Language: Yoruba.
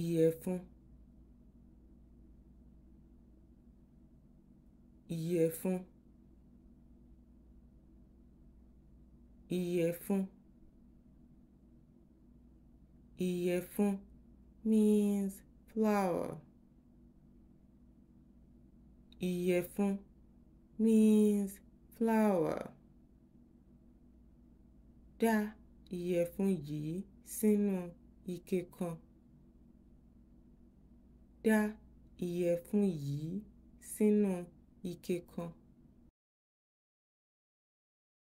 ìyẹ̀fun ìyẹ̀fun ìyẹ̀fun ìyẹ̀fun means flower. ìyẹ̀fun means flower. dà ìyẹ̀fun yìí sínú ike kan dá ìyẹ̀fun yìí sínú ike kan